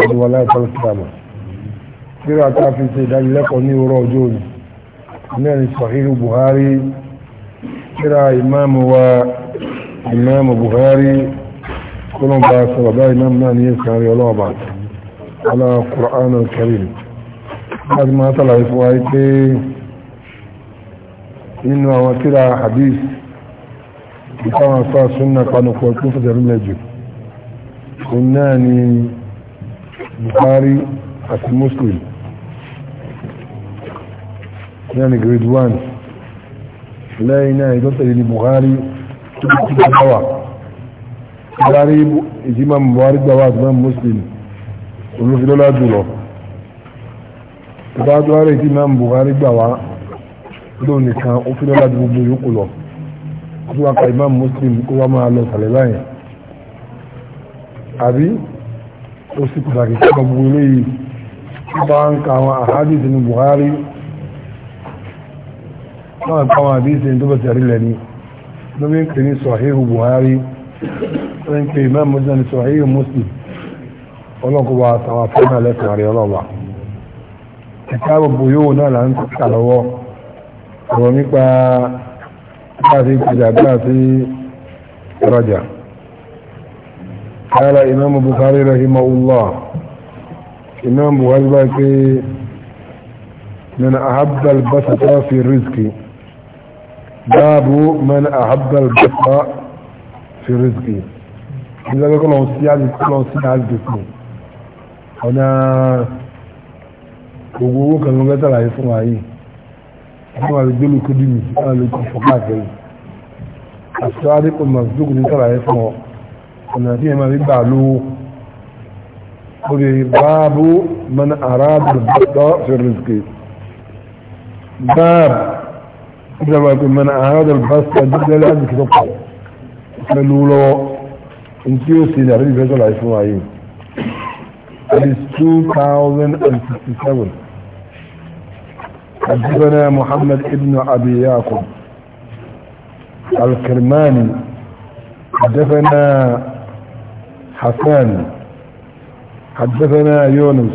ìfọ̀dù wọn láì fọ́lọ́ sí àmà síra tá a fi ṣe ìdánilẹ́kọ̀ọ́ ní òwúrọ̀ ọjọ́ òní náà ni sahihu buhari síra ìmáàmù wa ìmáàmù buhari kọlọ́mbà sọ̀rọ̀ bá ìmáàmù náà ní ẹ̀sán rí ọlọ́ọ̀bà ala Qur'an al-Karim láti máa tàlàyé fún wa pé ni Bukhari àti Muslim yẹn grade one lẹ́yìn náà ìdọ́tẹ̀lẹ̀ ni Bukhari tó ti gbà wà Bukhari ìjímà Bukhari gbà wà àti Muslim olùfidọ́lá jùlọ ìbádọ́rẹ̀ tí máa ń Bukhari gbà wá lónìí kan ó fi lọ́la gbogbo yòókù lọ kó wá ka Imam Muslim kó wá máa lọ sàlẹ̀ báyìí àbí o si pàtàkì kíkọ gbogbo eléyìí tí bá ń ka àwọn Buhari náà ká àwọn àdìsì tó bẹ̀ tẹ̀rí lẹ́ni ló ń pè ní sọ̀híhù Buhari ó ń pè Imam Muslim ní sọ̀híhù Muslim ọlọ́kọ̀wà àtàwọn afẹ́nà lẹ́sìn àrẹ ọlọ́wà ẹ̀ka gbogbo yóò náà là ń kà lọ́wọ́ ọ̀rọ̀ nípa bá a ti gbèjà bá a ti rọjà. قال إمام بخاري رحمه الله إمام بخاري من أحب البسط في الرزق باب من أحب البسط في الرزق إذا لكم وصيات كل وصيات بكم ọ̀nà gbogbo owó kan lọ́gbẹ́ tàbí fún wa yìí fún wa lè gbé lókè dìmì fún wa lè kọ́ fọ́ káàkiri àti sáà dípò màsídókù ní tàbí fún ọ ما بيبع له باب من أراد البطاء في الرزق باب إذا ما يقول من أراد البسطة جدا لأنه كتبه قالوا له انتو سينا ربي فيصل عليه السلام عليهم It is 2067 حجبنا محمد ابن أبي ياقب الكرماني حجبنا حسان حدثنا يونس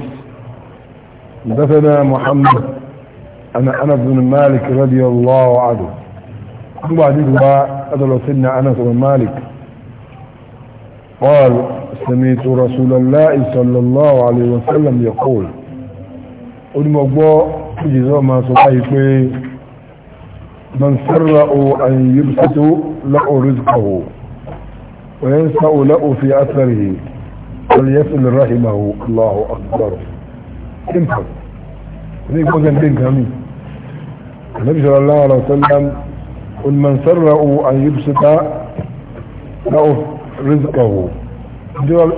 حدثنا محمد أنا أنس بن مالك رضي الله عنه أبو عديد أدل سنة أنس بن مالك قال سمعت رسول الله صلى الله عليه وسلم يقول قل المقبوع جزاء ما صحيح من سر أن يبسطوا له رزقه وينسى له في أثره وليسأل رحمه الله أكبر انفر ليه وزن بين كامل النبي صلى الله عليه وسلم قل من سره أن يبسط لأو رزقه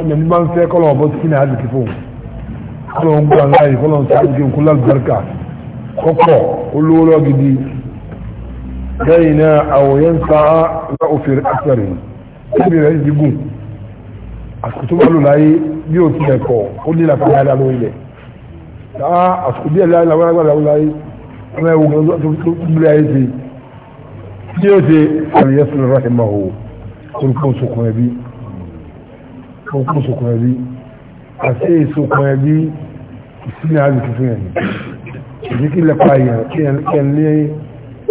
من ما نسي بس كنا هذا كيفهم قالوا هم قال لاي قالوا سعيدين كل البركة قطع قلوا له جديد كينا أو ينسى لأو في أثره ẹbí rẹ̀ ti gùn àsìkò tó bá lò láyé bí ó ti ẹ̀kọ́ ó lè làkà láyé lálọ́ ilẹ̀ náà àsìkò bí ẹ̀láyé làwọn agbára làwọn láyé ọmọ ẹ̀wọ̀n gan tó gbúlé ayé ti bí ó ti àmì yẹn sọ̀rọ̀ láti máa hò orúkọ sọkùn ẹbí orúkọ sọkùn ẹbí àti ìsọkùn ẹbí ìsinmi àlù tuntun yẹn ni ìdí kí lẹ́pà yẹn kí ẹ̀ ní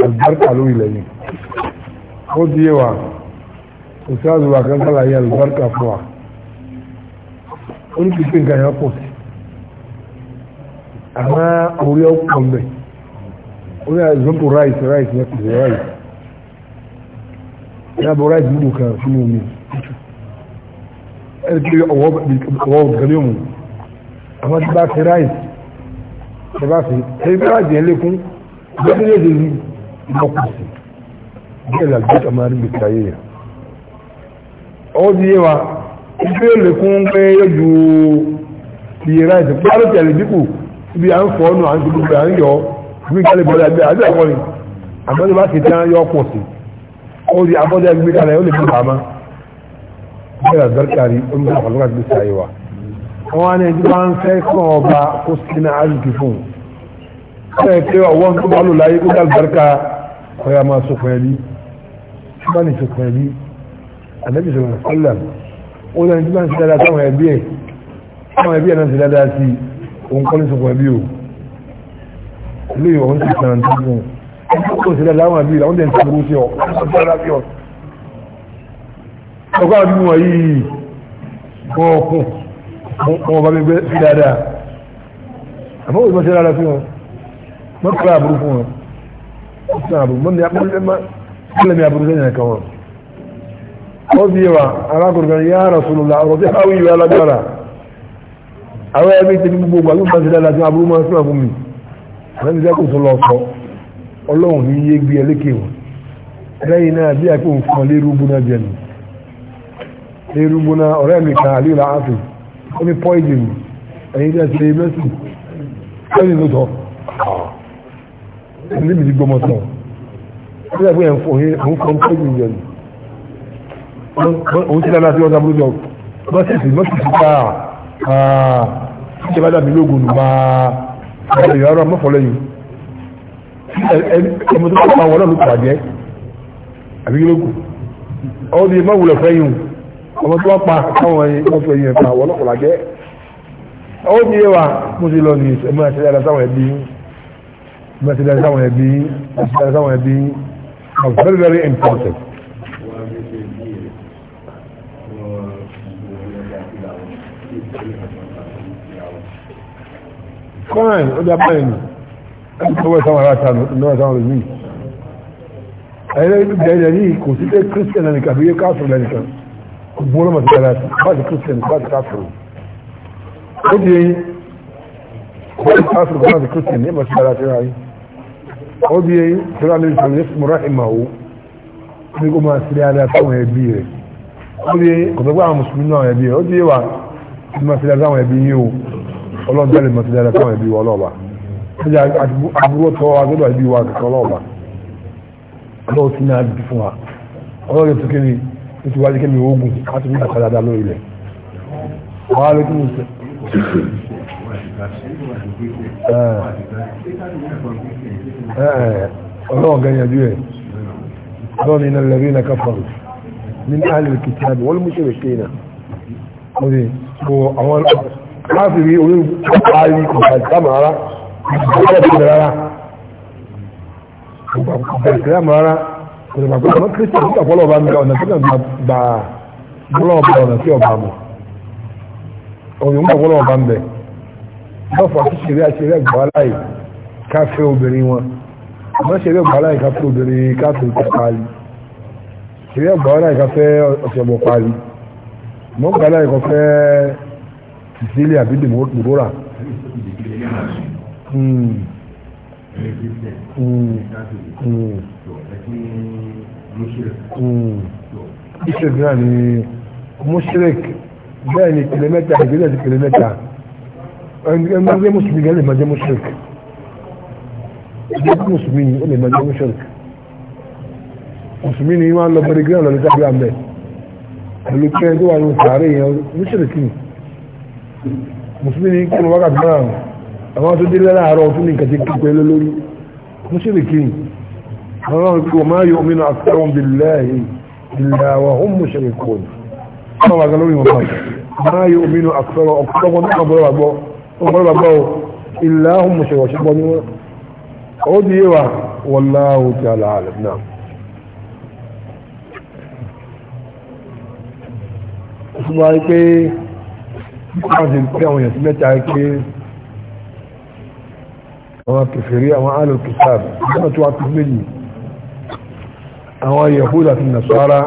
àlùbáríkà lórí ilẹ̀ yẹn ó di yẹ wa òṣèlú wa kan sálàyé àlùbáríkà fún wa oníkìkì nǹkan yẹn pọ̀ àmọ́ orí ọ̀pọ̀ mbẹ̀ orí àìsàn ráìsì ráìsì yẹn kò sí ráìsì yàbọ̀ ráìsì nínú kan sínú omi ẹni tí ọwọ́ gẹ̀lé òmù àmọ́ tí bá fi ráìsì tí bá fi ẹni tí ráìsì yẹn lékún gbẹ́dẹ́gbẹ́dẹ́ yìí lọ́kùnrin bí ẹ̀ làgbé kàmá rí gbèsè ayé yẹn ó di yé wa ibi ó lè kún pé yóò ju iye ráìsì pé á ló tẹ̀lé dínkù ibi a ń fọ́ nù à ń dúdú pé à ń yọ gbé kalẹ̀ bọ́lá ẹgbẹ́ àbí ẹ̀kọ́ ni àmọ́ tó bá ti tẹ́ yọ pọ̀ sí ó di abọ́dá gbé kalẹ̀ ó lè fi bàmá bẹ́ẹ̀ rà dọ́kítàrí ó ń bá ọ̀pọ̀lọpọ̀ gbé sáyé wa wọ́n á ní ẹjú bá ń fẹ́ kọ́ ọba kó sínú àdùkì fún un ẹ̀ pé ọwọ́n ànábì sọ̀rọ̀ sọ́lá ó lẹ́nu tí wọ́n ti dáadáa sáwọn ẹbí ẹ̀ sáwọn ẹbí ẹ̀ náà ti dáadáa sí òun kọ́ ní sọ̀kọ̀ ẹbí o ilé ìwọ̀ ń ti sàn tó gùn ẹni tó ti dáadáa àwọn ẹbí rẹ̀ wọ́n dẹ̀ ń ti burú sí ọ ọkọ̀ àbí wọn yìí wọ́n kún wọn bá mi gbé sí dáadáa àmọ́ òun ti dáadáa fún wọn mọ́kànlá àbúrú fún wọn mọ́kànlá àbúrú mọ́kànlá àbúrú ọdíyẹwà arákùnrin yá rasulullah ọ̀rọ̀ tí àwọn ìwé alágbára àwọn ẹbí tí ní gbogbo àgbà bá ti dára tí aburú máa sílẹ̀ fún mi lẹ́nu jẹ́ kò tó lọ sọ ọlọ́run ní yé gbé ẹlékè wọn lẹ́yìn náà bí àpò nǹkan lérú gbóná jẹnu lérú gbóná ọ̀rẹ́ mi kan àlè làásì ó ní poison ẹ̀yin tí a ti lè mẹ́sì lẹ́yìn tó tọ́ ẹ̀yin tí mi ti gbọmọ sọ ó yẹ kó yẹn jẹnu òun ti dáadáa sí ọjà burúkú jọ mọ́sísì mọ́sísì ká ṣe bá dàbí lóògùn nù máa ọ̀rọ̀ ìyá ọ̀rọ̀ mọ́fọ́lẹ́ yìí ọmọ tó bá wọlé ló pàdé àbí lóògùn ọ̀rọ̀ ìyá mọ́wùlẹ̀ fẹ́yìn ọmọ tó wá pa káwọn ẹyin mọ́tò ẹyin ẹ̀fà wọlé kọ̀lá jẹ́ ọ̀rọ̀ ìyá wa mo ti lọ ní ẹ̀mọ́ ẹ̀ṣẹ̀ dáadáa sáwọn ẹbí ẹ̀ṣẹ̀ dáadáa sáwọn ẹbí ẹ̀ṣẹ̀ dáadáa sáwọn ẹbí very very important fine ó dá báyìí ni ẹni tó wẹ́ sáwọn aráta náà sáwọn olùmí ẹ̀rẹ́ ìbẹ̀rẹ̀ ní kò sí pé christian ẹnìkan àbí káàsùn ẹnìkan kò gbọ́nà mọ̀ sí ẹ̀rẹ́ láti christian láti káàsùn ó di eyín kò sí káàsùn láti christian ní ìmọ̀sí ẹ̀rẹ́ àtẹ́rẹ́ ayé ó di eyín tó rà lórí ìṣòro yẹn mọ̀rá ìmàwó ní kó máa sílẹ̀ adá sáwọn ẹbí ọlọ́run jẹ́ lè mọ̀ sí dáadáa fún ẹbí wa ọlọ́ọ̀ba ẹjẹ́ àbúrò tọ́ agbẹ́dọ̀ ẹbí wa kẹ̀kọ́ ọlọ́ọ̀ba ọlọ́run ti náà bí fún wa ọlọ́run tó kéde tó ti wájú kéde oògùn láti ní àkàdá dá lórí rẹ̀ wàá lè kún un sẹ́. ọlọ́run gẹ̀yànjú ẹ̀ ọlọ́run iná lẹ́rí iná káfọ́rù nínú àlè kìtìyàbí wọ́n mú ṣe rẹ̀ kéèna káfíìrì orí parí ìgbà ìsìlámù rárá ìgbà ìbẹ̀rẹ̀ rárá ìgbà ìsìlámù rárá ìgbà pé àwọn kírísítà nígbà fọlọ́ ọba mi ọ̀nà tí kàn gbà fọlọ́ ọba ọ̀nà tí ọba mọ̀ ọ̀nà nígbà fọlọ́ ọba ń bẹ̀ lọ́fọ̀ àti ṣeré àṣeré ẹgbà aláì káfẹ́ obìnrin wọn àmọ́ ṣeré ẹgbà aláì káfẹ́ obìnrin káfẹ́ ìtẹ̀ ṣeré ẹgbà aláì káfẹ́ ọ̀ṣẹ̀bọ̀ parí aláì kọfẹ́ Sicilia bí dèmọ́ra. Bíṣẹ̀ náà ni Mùsírèk bẹ́ẹ̀ ni kìlẹ̀ mẹ́ta ìgbésẹ̀ ti kìlẹ̀ mẹ́ta. Ẹgbẹ́ Mùsùlùmí gẹ́gẹ́ lè máa jẹ́ Mùsírèk. Ẹgbẹ́ Mùsùlùmí lè máa jẹ́ Mùsírèk. Mùsùlùmí ni wọ́n lọ bẹ̀rẹ̀ gíráà lọ lẹ́tàbí àmẹ́. Ẹlùkẹ́ tó wà ní sàárè yẹn Mùsírèk ni mùsùlùmí kúrò wákàtí márùn àwọn tó dé láàárọ̀ tó ní nǹkan ti kí pẹ̀lú lórí mùsùlùmí àwọn kò máa yọ omi náà àtàwọn bìláyì ìlàwà ó mú ṣe kò ní àwọn àgbà lórí wọn máa yọ omi náà àtàwọn ọ̀pọ̀lọpọ̀ náà bọ́lá gbọ́ mú ṣe wọ̀ṣẹ́ gbọ́ ní wallahu ta'ala alam náà ó wọ́n ti pé àwọn èèyàn sí mẹ́ta pé àwọn kèfèrí àwọn alùkìtàb náà tó wá tó méjì àwọn yahuda àti nasara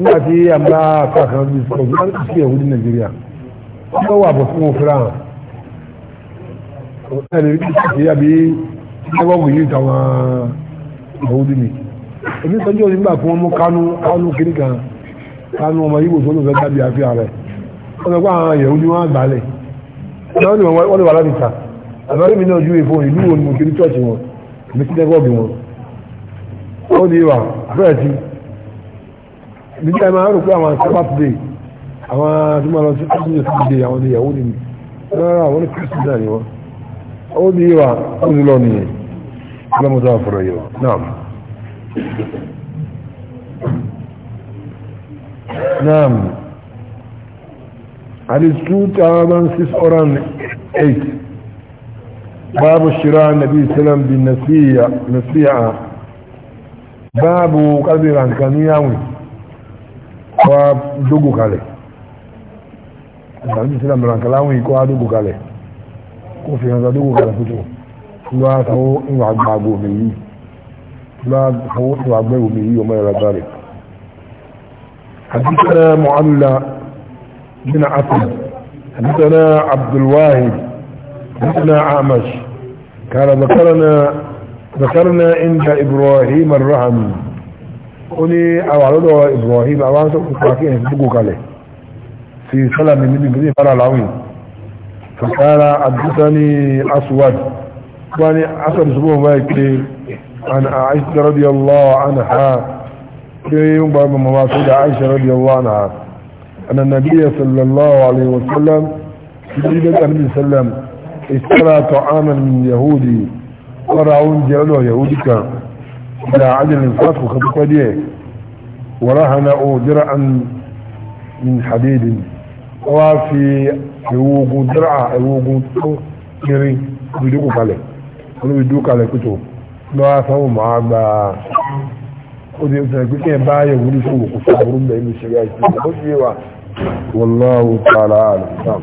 nígbà tí a ń bá kàkàn bí sọ́ọ̀dù wọ́n ti sí yahudu ní nàìjíríà wọ́n bá wà bọ̀ fún wọn fúra hàn ẹni rí kí àbí ẹgbẹ́ wò yí tàwọn yahudu ni èmi sọjọ́ nígbà fún wọn mú kánú kánú kiri kan kánú ọmọ yìí wò sọ́dọ̀ fẹ́ dábìá fi ààrẹ wọ́n lọ́pọ̀ àwọn èèyàn ojú wọn àgbálẹ̀ náà ni wọ́n lè wà lábìta àbárí mi náà ju èfò ìlú wo ni mo kiri chọ́ọ̀chì wọn èmi sí nẹ́gbọ́ọ̀bì wọn ó ní wà bẹ́ẹ̀ ti ní bí i máa rò pé àwọn sábàtìdè àwọn tí wọ́n lọ sí kíkúnyè sábàtìdè àwọn ni ìyàwó ni rárá àwọn kíkúnyè náà ni حديث 2608 باب الشراء النبي صلى الله عليه وسلم بالنسيئة باب قدر عن كنياوي ودقو كالي النبي صلى الله عليه وسلم ودقو كالي وفي هذا دقو كالي فتو لا تهو إنو عبابو بيه لا تهو إنو عبابو بيه وما يلا ذلك حديثنا معلّى من عتب حدثنا عبد الواهب حدثنا عامش قال ذكرنا ذكرنا عند ابراهيم الرهم قولي او على ابراهيم او عامش وكاكين يسبقوك عليه في سلام النبي بن فرع العوين فقال حدثني الاسود واني اسود اسبوع ما يكتير عن عائشة رضي الله عنها في يوم بابا مواسود عائشة رضي الله عنها أن النبي صلى الله عليه وسلم سيد النبي صلى الله عليه وسلم اشترى طعاما من يهودي ورعون جعله يهودي إلى عجل فاتخ خطوط يديه ورهنه درعا من حديد وفي يوقو درعا يوقو كيري بيدوكو كالي ولو بيدوكو كتب لا lọ́wọ́ sọ́wọ́ máa gba ó di ọ̀sẹ̀ pé kí ẹ bá yẹ̀ wúlú والله تعالى أعلم نعم.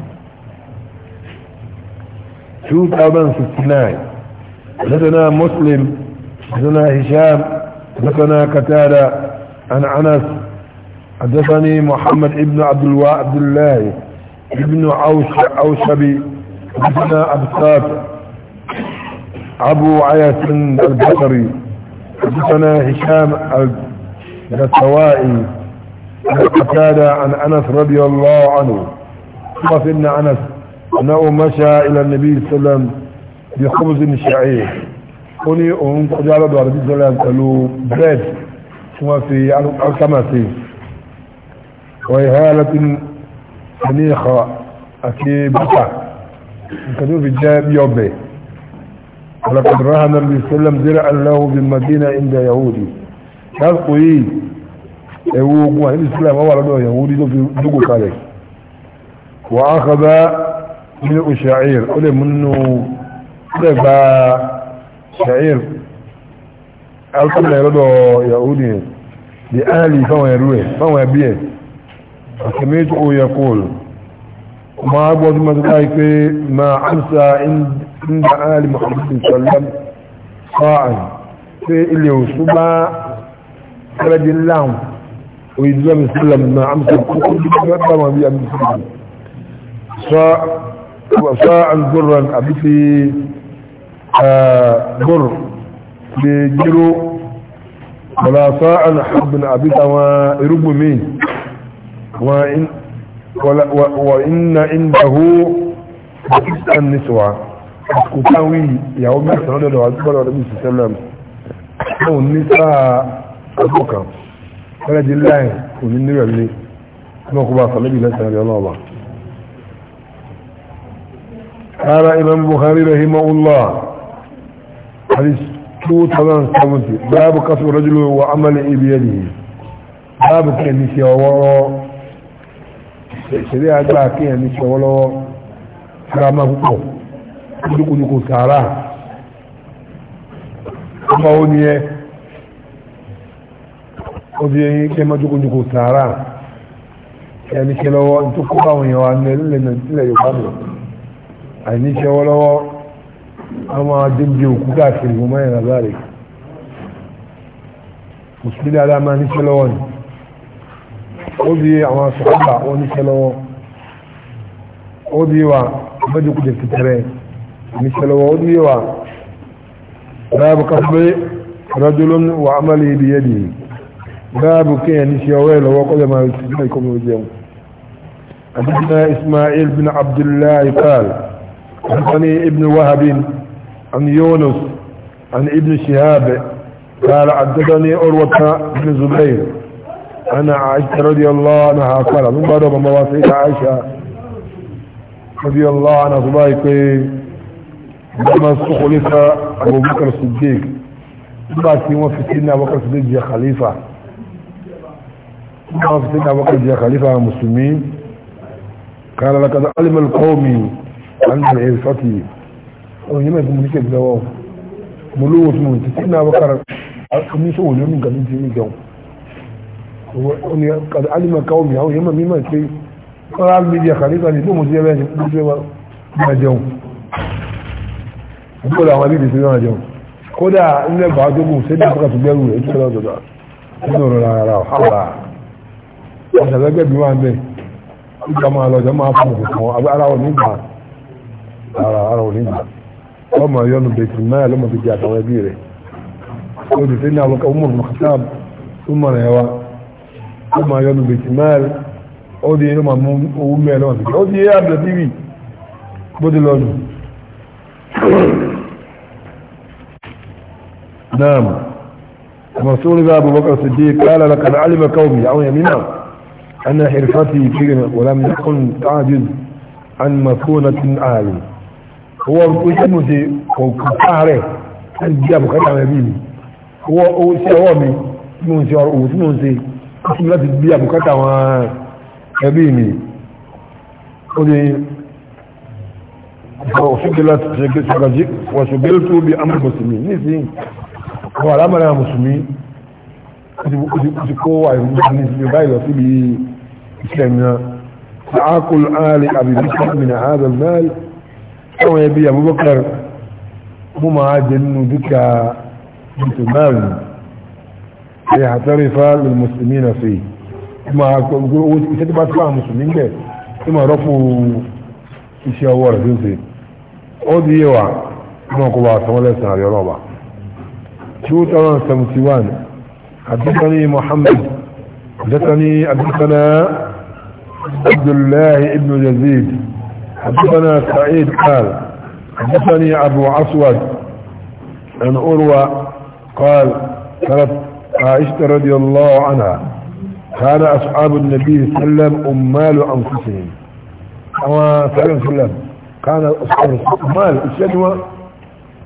ستناي لدنا مسلم لدنا هشام لدنا كتالة عن أنس حدثني محمد ابن عبد عبد الله ابن عوش عوشبي حدثنا أبساط أبو عياس البصري حدثنا هشام الثوائي قتادة عن أنس رضي الله عنه قف إن أنس أنه مشى إلى النبي صلى الله عليه وسلم بخبز شعير قني أم قد على دور صلى الله عليه وسلم بريد ثم في الكماسي ويهالة منيخة أكي بطا كتب في الجاب يوبي ولقد رهن النبي صلى الله عليه وسلم زرعا له بالمدينة عند يهودي كان قوي ẹ̀wọ́ ogun àti islam wà lọ́dọ̀ ìyàwó ní tó fi dúkò kalẹ̀ wà á kọba ní o ṣàìr ó lè múnú lè gba ṣàìr alkọ́lẹ̀ lọ́dọ̀ ìyàwó ní di áàlì fáwọn ẹ̀rú ẹ̀ fáwọn ẹbí ẹ̀ àtẹ̀mí tó yẹ kóòlù ma gbọ́ tó mọ́tò báyìí pé ma amsa inda áàlì muhammadu sallam sa'an pé ilé òṣùbá kẹrẹ́dínláhùn ويدل من سلم ما عمسك وما بي أمن سلم صاعا ذرا أبي في ذر آه، لجرو ولا صاعا حب أبي وإرب مين وإن ولا وإن عنده تسعة نسوة اسكتاوي يا عمر الله عليه وسلم أو النساء أبوكم fẹ́rẹ́ di láì kò ní nírọ̀lẹ́ ọmọ kò bá sọ níbi lẹ́sẹ̀ rẹ̀ ọlọ́ọ̀bà ara imam buhari rahimahullah hadith 2070 babu kasu rajulu wa amali ibiyadihi babu kẹni ṣe ọwọ́ ṣeré agbá kẹni ṣe ọwọ́ lọ́wọ́ ara máa púpọ̀ kúrúkúrú kò sàárà ọmọ ó ní ẹ obi yẹn kẹ máa jókòó jókòó tààrà ẹni kẹ lọ́wọ́ tó kó báwọn èèyàn wa nílẹ̀ nílẹ̀ yorùbá lọ àìní kẹ wọ́ lọ́wọ́ àwọn adébíyẹ òkú káàkiri mo máa yẹn lábẹ́ rẹ̀ mùsùlùmí dáadáa máa ní kẹ lọ́wọ́ ni obi àwọn sọ̀rọ̀gbà ó ní kẹ lọ́wọ́ obi wa ọba jókòó jẹ ní kẹ lọ́wọ́ obi yẹn wa rábù kàfẹ́ rajulun wa amali biyadihi باب كين يشيويل وقال ما يسميكم وجيهم حدثنا إسماعيل بن عبد الله قال حدثني ابن وهب عن يونس عن ابن شهاب قال عددني عروة بن زبير أنا عائشة رضي الله عنها قال من بعد ما مواسيك عائشة رضي الله عنها صبايك لما استخلف أبو بكر الصديق بعد في وفي سنة بكر الصديق خليفة قال سيدنا ابو خليفة المسلمين قال لقد علم القوم عن العرفه ويما يكون لك دواو ملوث من سيدنا ابو بكر من سوى من كان في جو قد علم القوم أو يما مما شيء قال لي يا خليفه لي مو زي ما جو kódà àwọn ilé ìsinmi àjọ kódà ilé ìbájógún sí ní àfíkà tó gbẹ́rù rẹ̀ tó lọ́dọ̀dọ̀ nínú ọ̀rọ̀ ara ọ̀hálà ọ̀sẹ̀lẹ́gbẹ̀ bí wọ́n bẹ̀ ìjọ máa lọ jọ máa fún òkùnkùn àbí ara wọn nígbà ara ara wọn nígbà ọmọ yọnu bẹ̀tì náà lọ́mọ bíi àtàwọn ẹbí rẹ̀ ó ti sẹ́ni àwọn ọmọ mọ̀kátà tó mọ̀ rẹ̀ wa ọmọ yọnu bẹ̀tì náà ó di ẹni máa mú owó mẹ́rin lọ́mọ bíi ó di ẹyà bẹ̀rẹ̀ tv bó ti lọ́nu. نعم رسول الله أبو بكر الصديق قال لك أنا علم قومي أو يمينه أنا حرفتي كلمة ولم يكن تعجز عن مكونة عالي هو اسمه وكفاره الجاب خلع نبيني هو سوامي اسمه سوامي اسمه سي اسم لا تبيع بكتا نبيني ودي وشكلت شكلت وشكلت بأمر المسلمين نسي هو الأمر المسلمين كنت كنت كنت كنت كنت كنت كنت كنت كان تعاقل آل أبي بكر من هذا المال أو يبي أبو بكر مما جنوا بك بنت مال ليعترف للمسلمين فيه ما يقول كتب أسماء المسلمين به ثم رفوا إشاور فيه أودي يوع كما قبع سمع الله سنعري رابع شو ترى سمسيوان حدثني محمد حدثني حدثنا عبد الله ابن يزيد حدثنا سعيد قال حدثني ابو عصود ان اروى قال قالت عائشة رضي الله عنها كان اصحاب النبي صلى الله عليه وسلم امال انفسهم اما صلى الله عليه وسلم كان اصحاب امال الشجوة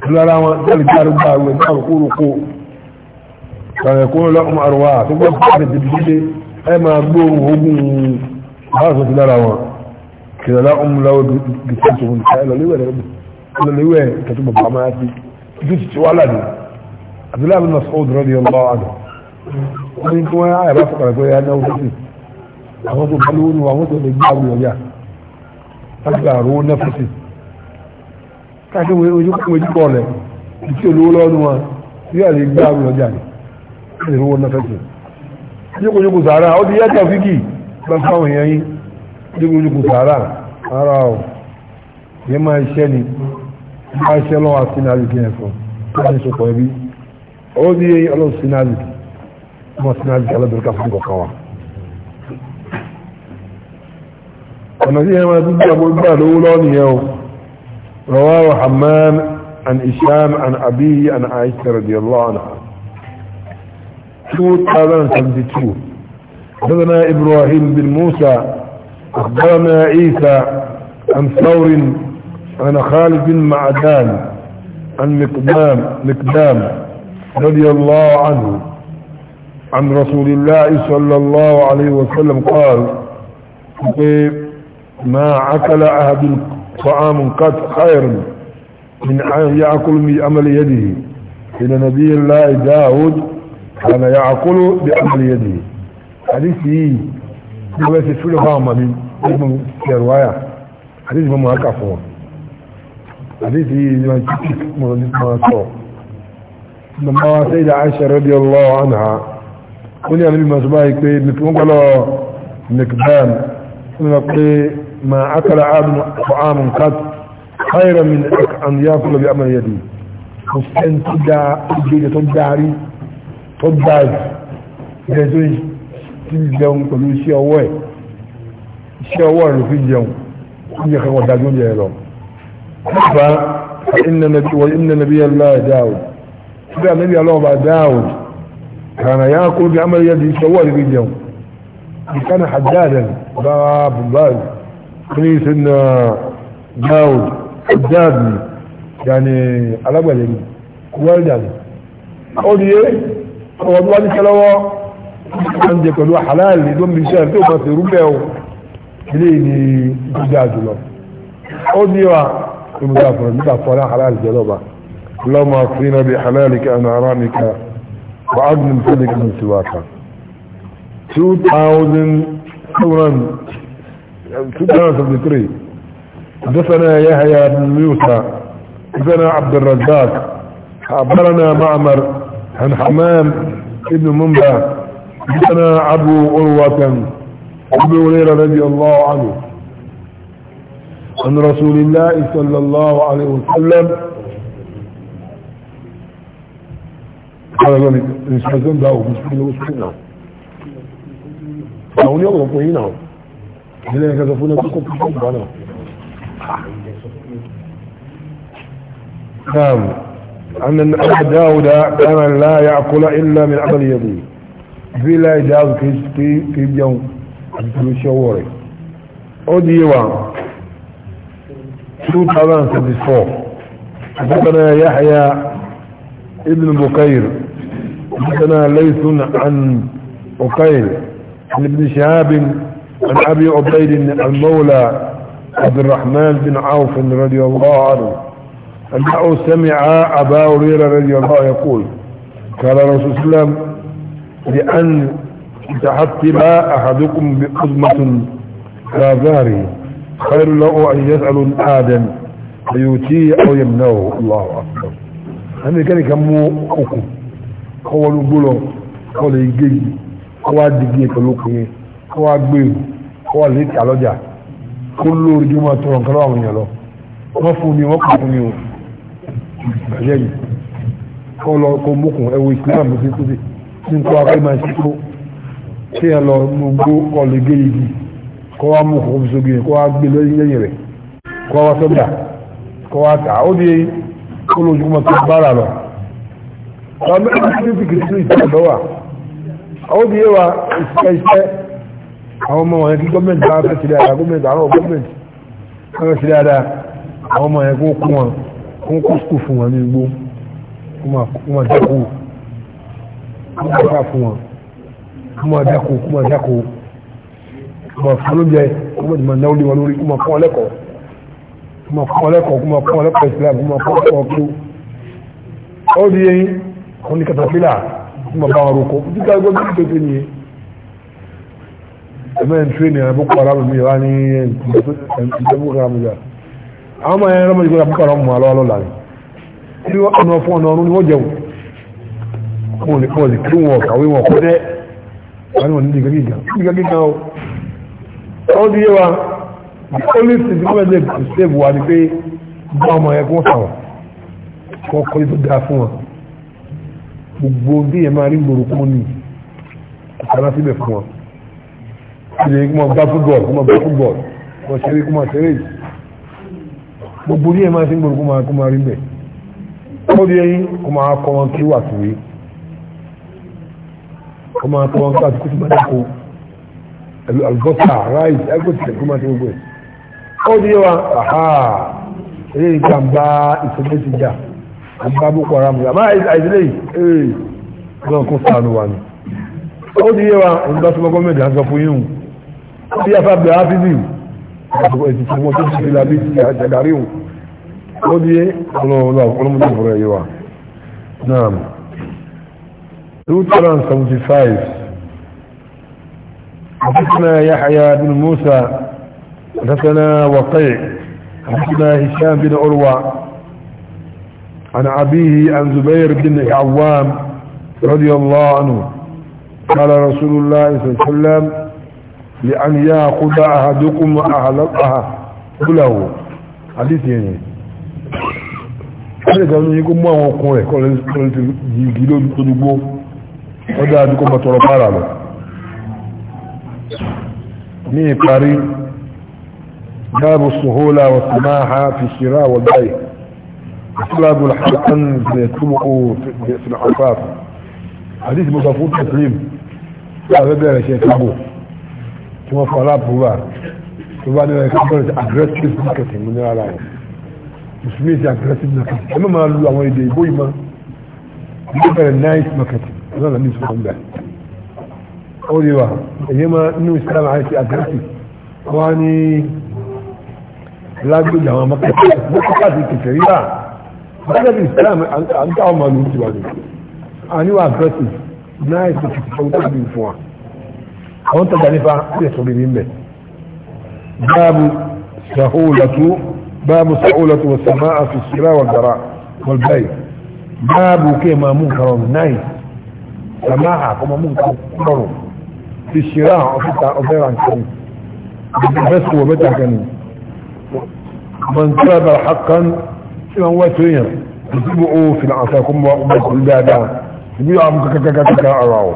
لا لا قال جاروا باوين قولوا كان يقول لهم ارواح تقول لهم بجيدي اما بوم هجوم láàrín ti lára wọn kìrìlá ọmọláwọ́ gẹ̀ẹ́sì òun ìta ẹlọ́lẹ́wẹ̀ ẹlọ́lẹ́wẹ̀ tẹ̀tù bàbá máa ti ojú ti wá láàdì àbílá àbí náà sọ́ọ́dù rọ́dì ọlọ́ àdà wọ́n ní kí wọ́n á yàrá fọkàrà pé ẹ̀yà náà sí àwọn tó bá lówó ni àwọn tó lè gbé àwọn ọ̀yà láti gba àrùn náà fèsì káàkiri wọ́n ojú kọ́ ojú kọ́ ọ̀lẹ̀ ìtí olówó lọ́nu wọn yóò lè gbé àwọn ọ̀yà ní ìrówó náà fèsì fáwọn èèyàn yín níbi olùkù sàárà ara ọ̀ yẹ máa iṣẹ́ ni máa iṣẹ́ lọ́wọ́ àti nàìjíríà kí ẹ̀ fún kí wọ́n ti sọ̀kọ̀ ẹbí ó ní ọlọ́run sí nàìjíríà wọ́n sí nàìjíríà alábẹ̀rẹ̀ ká fún kọ̀ọ̀kan wa. ọ̀nà tí ẹ máa dúdú àbójú àlówó lọ́wọ́ nìyẹn o rọwọ́ hamam عن إشام عن أبي عن عائشة رضي الله عنها 2072 أخبرنا إبراهيم بن موسى أخبرنا عيسى عن ثور عن خالد بن معدان عن مقدام مقدام رضي الله عنه عن رسول الله صلى الله عليه وسلم قال ما أكل أحد طعام قط خير من أن يأكل من أمل يده إلى نبي الله داود كان يعقل بأمل يده àdìsí yìí bí wọ́n ti fúlọ̀ bá ọmọ mi ní mo kẹrù wáyà àdìsí mo máa kà fún wọn àdìsí yìí ni wọ́n ti kí mo ní máa sọ. Màmá wa sẹ́yìn dà Aisha radiyallahu anha ó ní àlébí masu báyìí pé wọ́n gbọ́lọ̀ mcbam wọ́n lọ pé ma akala ààrùn kat haira min an ya kula bi amar yadi kò sẹ́ni tó dáa ó gbé tó dáa rí tó dáa jẹ́ tó yìí ti jẹun pẹ̀lú iṣẹ́ ọwọ́ ẹ̀ iṣẹ́ ọwọ́ ẹ̀ ló fi jẹun ó yẹ kankan dájú oúnjẹ ẹ lọ. nípa inna nabiya Allah Dawud síbi ànábi alọ́ọ̀bà Dawud kàrà yá kó bí amẹ́rẹ́ yẹ di iṣẹ́ ọwọ́ ẹ̀ fi jẹun. ìkànnì hajjáde bá bùbáyì ní sinna Dawud hajjáde yàní alágbàdé ni wẹ́ẹ̀dà ni. ó di yé ọ̀rọ̀ tó wá ní sẹ́lọ́wọ́. عندي كلوا حلال اللي دوم بيشان توبا في روبيو بلي بجاج لو او ديوا المدافر المدافر حلال جلوبا اللهم اكفينا بحلالك انا ارانك وعدل فلك من سواك 2003 دفنا يحيى بن يوسف دفنا عبد الرزاق عبرنا معمر عن حمام ابن منبه حدثنا أبو عروة أبو هريرة رضي الله عنه عن رسول الله صلى الله عليه وسلم قال لهم نسحزن داو مسكين داو فهون يوم نعم هنا يكذفون بكم في الحب عنه نعم أن داود كان لا يأكل إلا من عمل يديه في láì dáàbò في في في pẹ̀lú iṣẹ́ ọwọ́ rẹ̀ ó di yé wa 2024 حدثنا يحيى ابن بكير حدثنا ليث عن عقيل عن ابن شهاب عن ابي عبيد المولى عبد الرحمن بن عوف رضي الله عنه انه سمع ابا هريره رضي الله يقول قال رسول الله لأن تحتم أحدكم بقزمة على ظهره خير له أن يسأل آدم فيؤتيه أو يمنعه الله أكبر أنا كان كمو أكو هو نقوله هو يجي هو أدقيه كلوكي هو أقبيه هو ليك على جاه كل رجوما ترون كلام يلو وفوني وقفوني بجي هو لو كمكم أو إسلام بسيطة nípa akẹ́mà ìsìnkú tí ẹ lọ gbogbo ọ̀lẹ̀ gẹ́gẹ́ kọ́ wá mú kò fúnṣogì rẹ̀ kọ́ wá gbé lẹ́yìn rẹ̀ kọ́ wá sọ́dà kọ́ wá tà ó di olójúmọ́ tó bára lọ ọmọ ẹgbẹ́ ti kìrìsìtì ìtàdọ́ wà ó di ẹwà ìṣẹ́ iṣẹ́ àwọn ọmọ wọn kí gọ́ọ̀mẹ̀ntì bá fẹ́ sílẹ̀ àdá gọ́ọ̀mẹ̀ntì àwọn gọ́ọ̀mẹ̀ntì bá fẹ́ sílẹ̀ àdá àwọn ọmọ yẹn kó kún wọn kó kó sùkúù fún wọn ní gbó kó máa jẹ́ kọ́kọ́ fún wọn kó máa dákó kó máa dákó kó máa fún lóúnjẹ kó máa dìmọ̀ náwó lé wọn lórí kó máa kọ́ ọlẹ́kọ̀ọ́ kó máa kọ́ ọlẹ́kọ̀ọ́ kó máa kọ́ ọlẹ́kọ̀ọ́ Islam kó máa kọ́ ọkọ̀ kó ó di yẹn kó ní katapila kó máa bá wọn roko kó ti ká gbọ́dọ̀ tó tó nìyẹn ẹ̀mẹ́ ń tún ènìyàn bó kọ́ arábìnrin mi wá ní ìjọba kan àmújà àwọn ọmọ yẹn lọ́mọdé wọ́n lè kọ́ lè kí wọn kàwé wọn kọ́ dẹ́ wọ́n wọ́n ní ìgbà gíga o ọ́ di yé wa the only thing tí wọ́n lè save wa ni pé bá ọmọ yẹn kó sàwọ̀ kọ́ kọ́lé tó dáa fún wọn gbogbo bí yẹn máa rí gbòòrò kún ní ìtara síbẹ̀ fún wọn ilé kí wọ́n gbá fútbọ̀l kí wọ́n gbá fútbọ̀l wọ́n ṣeré kí wọ́n ṣeré yìí gbogbo bí yẹn máa rí gbòòrò kún rí bẹ̀ ọ́ di yẹn kó máa kí wà síwèé kọ́mọ tó ń gbàtí kúti máa dáko pẹ̀lú àlùbọ́sà ráìsì ẹgbẹ́sì kó máa tó gbogbo ẹ̀ ó di wa àhá eré ìta ń bá ìṣẹ́lẹ̀ ti jà ń bá boko haram rẹ̀ àmọ́ àìsílẹ̀ ee ọlọ́run kó sànù wa ni ó di wa ń bá sọmọ gọ́ọ̀mẹ̀ntì àti ọ̀fun yìí ó di afá bẹ̀rẹ̀ áfíìsì àtọ̀kọ̀ ètò tí wọ́n tó ti fi lábí ti àjàdáríhùn ó di ọlọ́run ọlọ́run ọlọ́run tó fọ̀rọ̀ yìí wa náà 275 حدثنا يحيى بن موسى حدثنا وقيع حدثنا هشام بن عروة عن أبيه عن زبير بن عوام رضي الله عنه قال رسول الله صلى الله عليه وسلم لأن يأخذ أحدكم أهلقها كله حديث يعني هذا كان يقول ما هو قوي قال يجي له ó dáa dúkọ́ mọ́ tọrọ para lọ ní ìparí باب السهولة والسماحة في الشراء والبيع أسباب الحسن يتمعوا في الحفاف حديث مصفوط تسليم هذا بيانا شيء كابو ثم فعلا بوبا بوبا نرى كبرت aggressive marketing من العلاقة مسلمين aggressive marketing أما ما قالوا الله ويدي بوي ما يبقى nice marketing ọlọ́run ní ìṣòro ọgbà ó rí wa èyí máa nínú ìsìlámù àìsí àdírẹ́sì wá ní lágbèjì àwọn mọ́kàtà àti kẹfẹ́ rí wa mọ́kàtà àti ìsìlámù à ń táwọn màlúù tiwa ni a ní wa àdírẹ́sì náà ìṣòro ìṣòro tó bí fún wa àwọn tó gbani fa ó yẹ sọ̀rọ̀ ní mbẹ báàbù sàhólàtú báàbù sàhólàtú wà sàmà àfi síra wà gàrà wà báyìí báàbù kéèmà mú kàrọ̀ náà سماحة كما ممكن تكبروا في الشراع وفتح أفير عن كريم بس هو بتح كريم من طلب حقا شما هو سوير يسيبوا في العصاكم وأمكم البعداء يبيعوا مككككككا أراو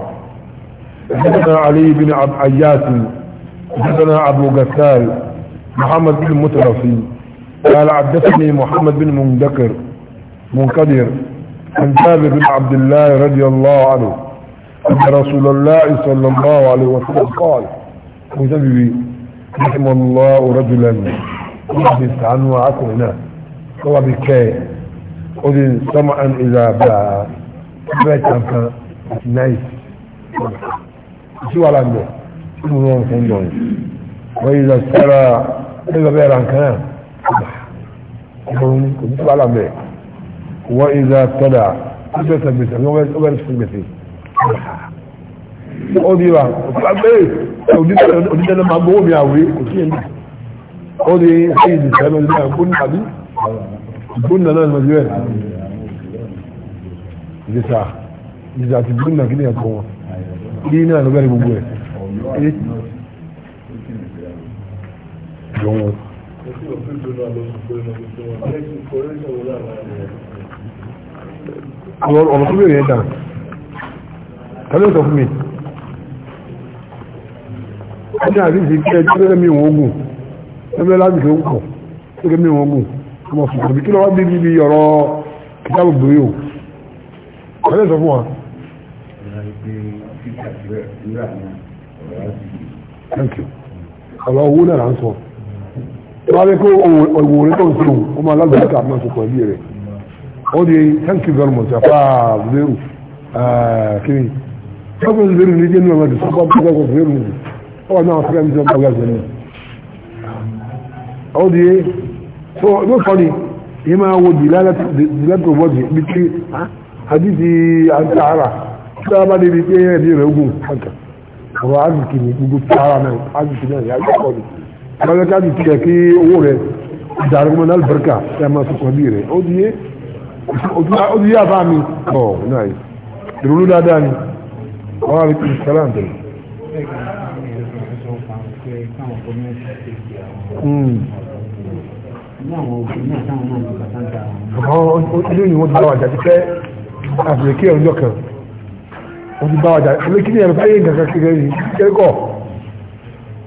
حدثنا علي بن عب عياسي حدثنا أبو غسال محمد بن مترفي قال حدثني محمد بن مندكر منقدر عن جابر بن عبد الله رضي الله عنه أن رسول الله صلى الله عليه وسلم قال مسببي رحم الله رجلا يحدث عنه عكو هنا هو بكاي أذن سمعا إذا باع بيت أنك نايس شو على عنده شو نوم سندوني وإذا اشترى إذا بيع عنك نام وإذا ابتدع أجلس بيته يوم يوم يوم يوم ó ní wa pàgbé òdídẹ́lẹ́ máa gbówó mi àwé kò sí ẹni ó ní ṣe ìdìsẹ́ lọ nílẹ̀ gbóná àbí gbóná náà lọ yóò ẹ̀ ìdìsà ìdìsà àti gbóná kí ni ẹ̀kọ́ wọn ní náà lọ bẹ́ẹ̀ gbogbo ẹ̀ jọ̀wọ́ àwọn ọ̀rọ̀ tó bẹ̀rẹ̀ yẹn dáa tàbí ọ̀tọ̀ fún mi ọjọ́ àríṣẹ́ kí ẹjọ́ gẹ́gẹ́ mi wọ́n gùn ẹgbẹ́ láti kí ó kọ̀ gẹ́gẹ́ mi wọ́n gùn ọmọ ṣùgbọ́n bí kí lọ wá bí bí ọ̀rọ̀ kìtàbù bèèrè o tàbí ọ̀tọ̀ fún wa thank you ọ̀rọ̀ owó náà là ń sọ wọ́n á rí pé òwò rẹ̀ tó ń sọ ó máa lágbàá kà máa sọ pẹ̀lú rẹ̀ ó di thank you very much apá bèèrè kí ni ọgbọ̀n zèrè ní jẹ́ níwọ̀n mẹ́rin sọ́kọ́ ọgbọ̀n zèrè o ọwọ́ náà fẹ́ mi sọ́kọ́ ọgbọ̀n zèrè ọwọ́ di so ló sọ ni yìí máa wo dìlẹ́tò bọ́ọ̀dì bí kí àdìsí àtàrà tí a bá débi pé ẹ̀rí rẹ̀ ogun kankan ọ̀rọ̀ azùkì ní gbogbo tààrà náà azùkì náà yà gbọ́ ni ọ̀rọ̀ ká ti tiẹ̀ kí owó rẹ̀ dàrúmọ́ náà bẹ̀rẹ̀kà ẹ̀ máa sọ̀kọ̀ bí rẹ̀ ó di yé àbá mi ọ̀ náà ìrònú dáadáa ni wọ́n á rí kí sẹ́lá ń tẹ̀lé. àwọn eléyìí wọ́n ti bá wa jà ti pẹ́ àfìlẹ́kí ẹ̀rọ kan wọ́n ti bá wa jà àfìlẹ́kí ẹ̀rọ báyé nǹkan kan kékeré yìí kẹ́kọ̀ọ́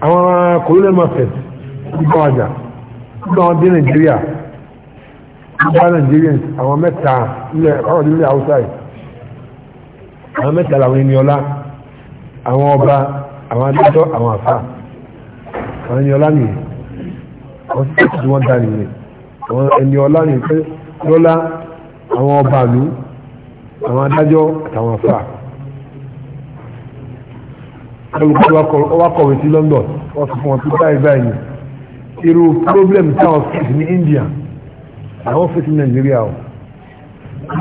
àwọn colonial market ti bá wa jà nígbà wọn dé Nàìjíríà nígbà Nàìjíríà àwọn mẹ́ta ilẹ̀ ọ̀rọ̀ nílẹ̀ Haúsá yìí àwọn mẹ́ta làwọn ẹni ọlá àwọn ọba àwọn adájọ́ àwọn àfà àwọn ẹni ọlá nìyẹn wọ́n ti tẹ́tù tí wọ́n dá nìyẹn àwọn ẹni ọlá nìyẹn pé lọ́lá àwọn ọba àlú àwọn adájọ́ àtàwọn àfà olùkọ́ wa kọ̀wé sí London wọ́n sọ fún wọn tó báyìí báyìí ni irú problem táwọn fèsì ní India àwọn fèsì Nàìjíríà ọ̀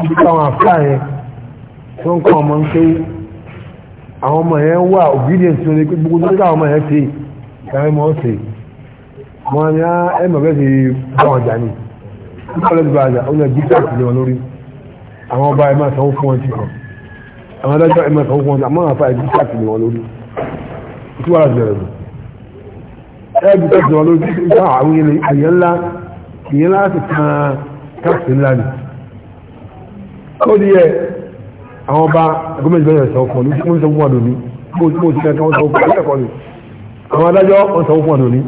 níbi àfà yẹn tó ń kọ́ ọmọ ń kéwú àwọn ọmọ yẹn wà obedience lórí pé gbogbo tó ń káwọn ọmọ yẹn ṣe ìkàwé mọ́ ṣe mọ́ ni á ah, ẹ̀ mọ̀ bẹ́ẹ̀ ṣe báwọn jà ní kọ́lẹ́dì bá àjà ó lè bí táàkì lé wọn lórí àwọn ọba ẹ̀ máa sanwó fún wọn ti kàn àwọn adájọ́ ẹ̀ máa sanwó fún wọn àmọ́ àwọn afa ẹ̀ bí táàkì lé wọn lórí tí wàá bẹ̀rẹ̀ lọ ẹ̀ bí táàkì lé wọn lórí tí wàá àwọn èèyàn ńlá èèyàn ńlá ti kan táàkì ńlá ni ó di ẹ̀ àwọn ọba gómìnà ìbẹ̀rẹ̀ sọ fún ọdún mú sọ fún ọdún ní mú sí kankan sọ fún ọdún ẹ̀kọ́ ni àwọn adájọ́ wọn sọ fún ọdún ní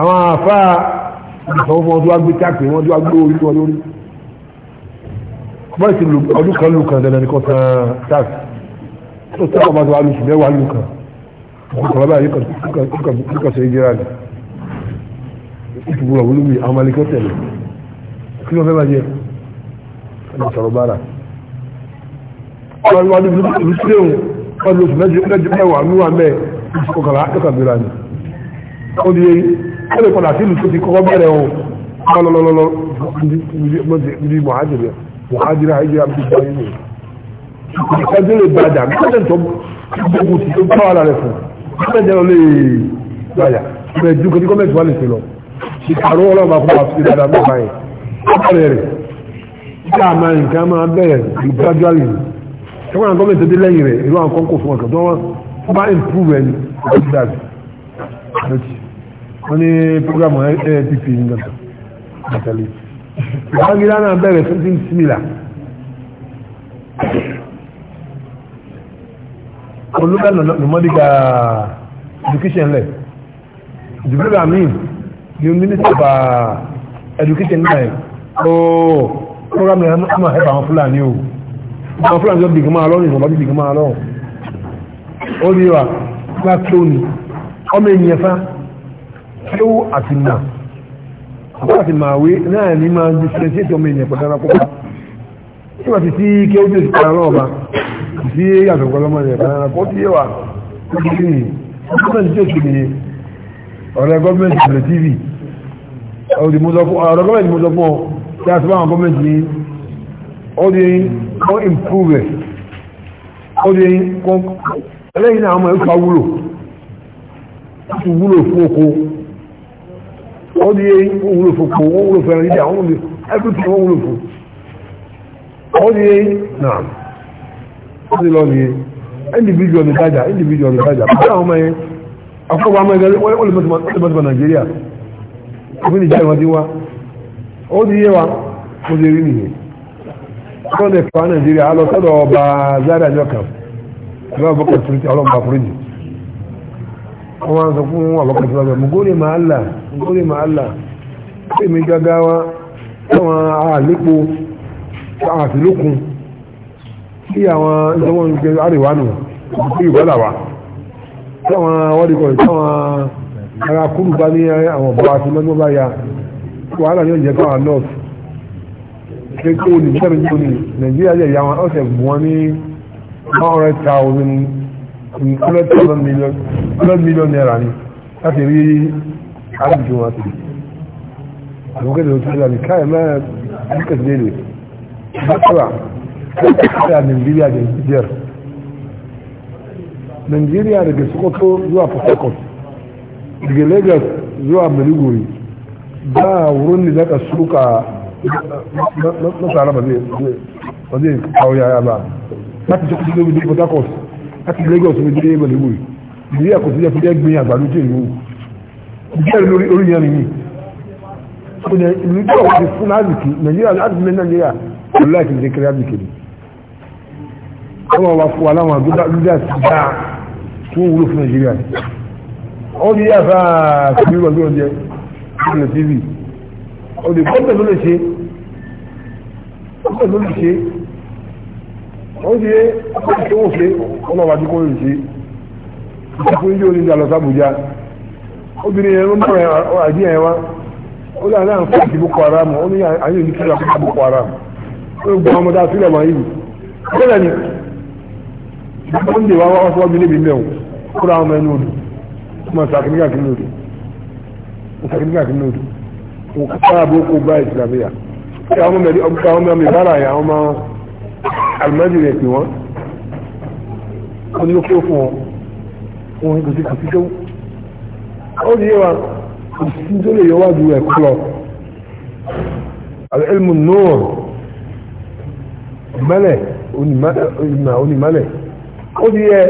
àwọn àfá sọ fún ọdún agbé táàkì wọn tó agbé orí wọn lórí bọ́ọ̀sì ọdún kan lù kan dandan nìkan tán táàkì tó tẹ́ ọba tó wà lùsù mẹ́wàá lù kan kò tọ́lá báyìí kò sọ ìjẹ́ra ni ìtùbù ọ̀wọ́lùmí àwọn malikọ́ tẹ̀lé kí ló fẹ́ máa jẹ́ ẹ̀ wọ́n wá ní ìlú tí ó wọ́n lóṣù mẹ́jọ mẹ́wàá ní wà mẹ́ ìṣòkòkàrà àtọ́kàbìrà ni ó di ó lè padà sí ìlú tó ti kọ́kọ́ bẹ̀rẹ̀ o lọ́lọ́lọ́lọ́ ní mọ̀hájìrì mọ̀hájìrì àìjẹ́ àbúgbà yìí ni ìkẹ́jọ́ lè bàjá mẹ́jọ tó gbogbo tí ó bá wà rẹ̀ fún mẹ́jọ lè bàjá mẹ́jọ kò ní kọ́ mẹ́jọ wà lè fi lọ ìkàrọ̀ ọlọ́ọ̀bà fún wa fi dáadáa mẹ́bàá yìí ó bẹ̀rẹ̀ rẹ̀ ṣọ́kọ́ àwọn gọ́ọ̀mẹ̀ntì dé lẹ́yìn rẹ̀ ìlú àwọn kọ́ńkọ́ fún ọ̀kẹ́ tó wọ́n bá improve ẹni ọdún dáàbì wọ́n ní programu AFP ní gbàgbà àtàlẹ́ ìbáwọ́gídá náà bẹ̀rẹ̀ something similar olúkà nomadica education lẹ̀ jùlọ àmì ní minister of uh, education náà ó programu náà ama help àwọn Fúlàní o àwọn fúlàní tó dìgbà máa lọ́rùn ìjọba dìgbà máa lọ́rùn ó ní wa bá tó ni ọmọ ènìyàn fa tó àti nà àbúrò àti màwé náà ní máa ń differentiate ọmọ ènìyàn pẹ̀lú ara púpọ̀ nígbà tí tí kí ó dé sí ara náà ba kò sí yàtọ̀ nǹkan lọ́mọ rẹ̀ pẹ̀lú ara kó tí yé wa kó tí yé gọ́ọ̀mẹ̀ntì tó ti nìyẹn ọ̀rẹ́ gọ́ọ̀mẹ̀ntì tẹ̀lẹ̀ tv ọ̀rẹ́ gọ́ọ̀mẹ̀ntì mo sọ fún ọ ọdún kọ́ improve ọdún kọ́ ẹlẹ́yìn náà mọ̀ ẹ̀kọ́ wúlò wúlò wúlò wọ́n wúlò ìdí àwọn ọmọdé wọ́n wúlò náà individual ní individual ní àwọn ọmọ yẹn ẹgbẹ́ olùmọ̀tìmọ̀ Nàìjíríà òfin ìjà wa sunday fa nàìjíríà a lọ sọ́dọ̀ ọba zaria ní ọkàn lọ́wọ́ bọ́kà tó ti ọlọ́mọba fúrújì wọ́n wá sọ fún àbọ́kà tó lọ́wọ́ mugore ma allah mugore ma allah pé mi gágáwá táwọn àlépo àti lókun tí àwọn ìjọba ń gbé àríwá nù sí ìwọ́là wa táwọn wọ́n táwọn ará kúrú bá ní àwọn ọ̀bọ̀ àti mọ́gbọ́n bá ya wàhálà yóò jẹ́ káwọn north ṣe kó o nìjẹ́ mi kó ni nàìjíríà lè yà wọn ọ̀sẹ̀ bù wọn ní one hundred thousand hundred thousand million hundred million naira ni láti rí àdùjọ wọn ti àwọn kéde ló ti rí àmì káyọ̀ mẹ́rin àdìkẹ̀sì léèrè bákàrà káyọ̀ nàìjíríà lè jẹ́ nàìjíríà daga sokoto zuwa port harcourt daga lagos zuwa maiduguri ba wurin da zaka suka mọ́sàn ara bàdé bàdé àwọn yàrá bá láti sọ́kùtù lóbi dé Port Harcourt láti Lagos lóbi dé bẹ̀lẹ́wò ìdílé àkọsí jẹ́ fúnjẹ́ gbin àgbàdo tí èlú ìjẹ́rìí lórí orí yẹn nìyí ìpínlẹ̀ ìlú tí wọ́n ti fún láàzìkì Nàìjíríà láti lé Nàìjíríà kò láìkì ní kiri àzìkì ni wọ́n wá fún wa láwọn àgbẹ̀dá lórí àtijọ́ tó ń wúlò fún Nàìjíríà ó di yàtọ̀ àkàbí wọn bí wọn jẹ ìpínlẹ̀ TV olùkọ́tọ̀ ló lè ṣe ọkọ̀ ló lè ṣe ó ṣe ọ ṣe ọlọ́wà tí kò lè ṣe ìṣàkóso yóò ní ìjàlọ sábùjá obìnrin ẹ̀rọ ń bọ̀rẹ̀ àjí ẹ̀ wá ó lè aláǹ fún àti ọ haram ó ní àyè ní kíra fún boko haram ó gba wọ̀nyí bẹ́ẹ̀ ni dè wá bí níbi kúrò àwọn ọmọ ẹni odò káàbó kó bá ìsìlámíyà kí àwọn mẹ́rin ọmọkà ọmọ mi bára yà ọmọ alìmọ́jì rẹ̀ pè wọ́n ó ní ó kó fún wọn wọn kò sí kò sí tó ó ní yẹ wa kò tó lè yọ ẹ̀ kúlọ̀ alẹ́lmù náà mẹ́lẹ̀ onímọ̀lẹ̀ ó ní yẹ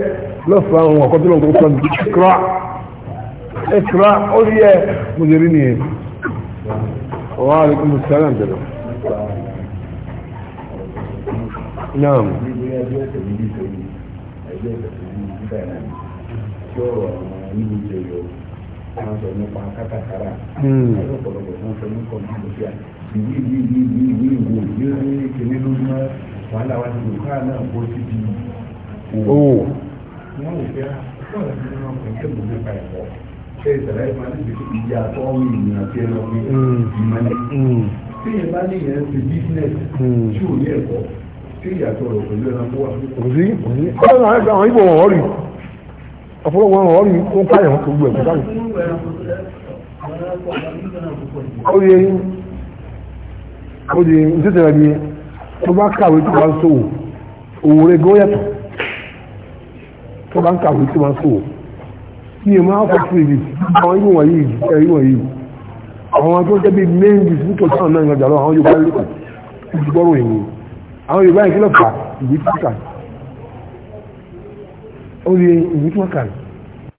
lọ́fà àwọn àkọ́tọ́lọ́gbọ̀n tó kọ́ ẹ̀kra ó ní yẹ mo nìyẹn وعليكم السلام جنوب نعم owó. wọ́n ò fẹ́ wọ́n ò fẹ́ ọkùnrin tó gbogbo ìpa ẹ̀kọ́. e ìṣẹ̀lẹ̀ ìmọ̀ ní ìgbésí ìyá àtọ́wọ́mì ti bísínẹ̀sì tí ò ní ẹ̀kọ́ tí ìyàtọ̀ rẹ̀ pẹ̀lú ẹranko wà. kò sí kò sí ọlọ́run kí ẹ máa fọ́ sí ibi àwọn ìwọ̀n wọ̀nyí ẹ̀rí wọ̀nyí àwọn tó jẹ́ bí main distributor town náà ìrìnàjà lọ àwọn Yorùbá lókè ti gbọ́rọ̀ èyí àwọn Yorùbá ìkílọ̀ fà tí wọ́n kà ó rí ìwé tí wọ́n kà